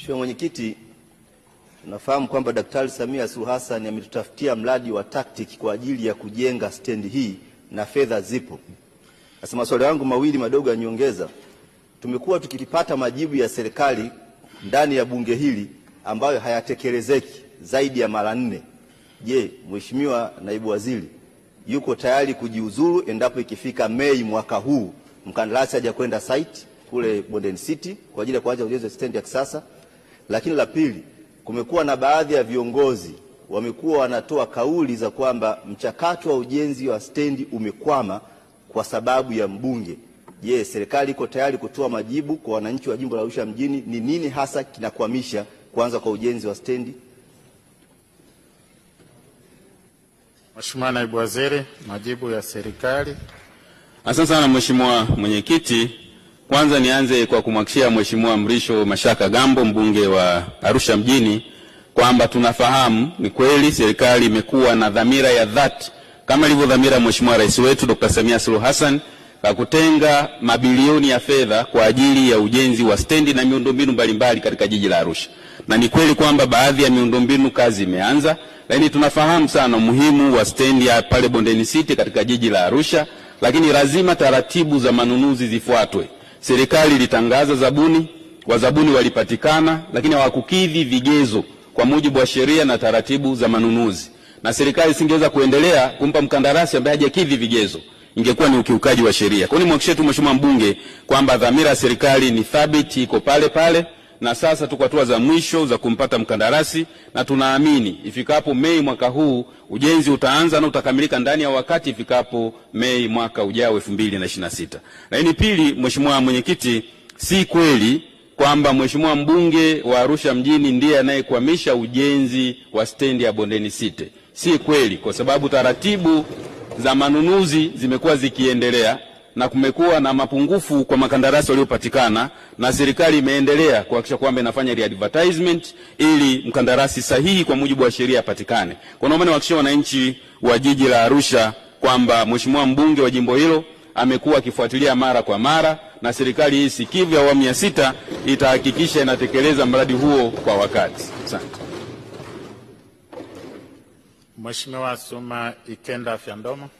Mheshimiwa Mwenyekiti, tunafahamu kwamba Daktari Samia Suluhu Hassan ametutafutia mradi wa TACTIC kwa ajili ya kujenga stendi hii na fedha zipo. Sasa maswali yangu mawili madogo ya nyongeza, tumekuwa tukipata majibu ya serikali ndani ya bunge hili ambayo hayatekelezeki zaidi ya mara nne. Je, Mheshimiwa Naibu Waziri yuko tayari kujiuzuru endapo ikifika Mei mwaka huu mkandarasi hajakwenda site kule Bondeni City kwa ajili ya kuanza ujenzi wa stendi ya kisasa? Lakini la pili, kumekuwa na baadhi ya viongozi wamekuwa wanatoa kauli za kwamba mchakato wa ujenzi wa stendi umekwama kwa sababu ya mbunge. Je, yes, serikali iko tayari kutoa majibu kwa wananchi wa jimbo la Arusha mjini? Ni nini hasa kinakwamisha kuanza kwa ujenzi wa stendi? Mheshimiwa Naibu Waziri, majibu ya serikali. Asante sana Mheshimiwa Mwenyekiti. Kwanza nianze kwa kumhakikishia Mheshimiwa Mrisho Mashaka Gambo, mbunge wa Arusha mjini, kwamba tunafahamu ni kweli serikali imekuwa na dhamira ya dhati kama ilivyo dhamira Mheshimiwa Rais wetu Dr. Samia Suluhu Hassan la kutenga mabilioni ya fedha kwa ajili ya ujenzi wa stendi na miundombinu mbalimbali katika jiji la Arusha, na ni kweli kwamba baadhi ya miundombinu kazi imeanza, lakini tunafahamu sana umuhimu wa stendi ya pale Bondeni City katika jiji la Arusha, lakini lazima taratibu za manunuzi zifuatwe serikali ilitangaza zabuni, wazabuni walipatikana, lakini hawakukidhi vigezo kwa mujibu wa sheria na taratibu za manunuzi, na serikali isingeweza kuendelea kumpa mkandarasi ambaye hajakidhi vigezo, ingekuwa ni ukiukaji wa sheria. Kwa hiyo nimhakikishie tu Mheshimiwa mbunge kwamba dhamira ya serikali ni thabiti, iko pale pale na sasa tuko hatua za mwisho za kumpata mkandarasi, na tunaamini ifikapo Mei mwaka huu ujenzi utaanza na utakamilika ndani ya wakati ifikapo Mei mwaka ujao 2026. Lakini pili, Mheshimiwa Mwenyekiti, si kweli kwamba Mheshimiwa mbunge wa Arusha mjini ndiye anayekwamisha ujenzi wa stendi ya Bondeni City. Si kweli, kwa sababu taratibu za manunuzi zimekuwa zikiendelea na kumekuwa na mapungufu kwa makandarasi waliopatikana, na serikali imeendelea kuhakikisha kwamba inafanya re-advertisement ili mkandarasi sahihi kwa mujibu wa sheria apatikane. Kwa naomba niwahakikishie wananchi wa jiji la Arusha kwamba mheshimiwa mbunge wa jimbo hilo amekuwa akifuatilia mara kwa mara, na serikali hii sikivu ya awamu ya sita itahakikisha inatekeleza mradi huo kwa wakati. Asante. Mheshimiwa Suma Ikenda Fyandomo.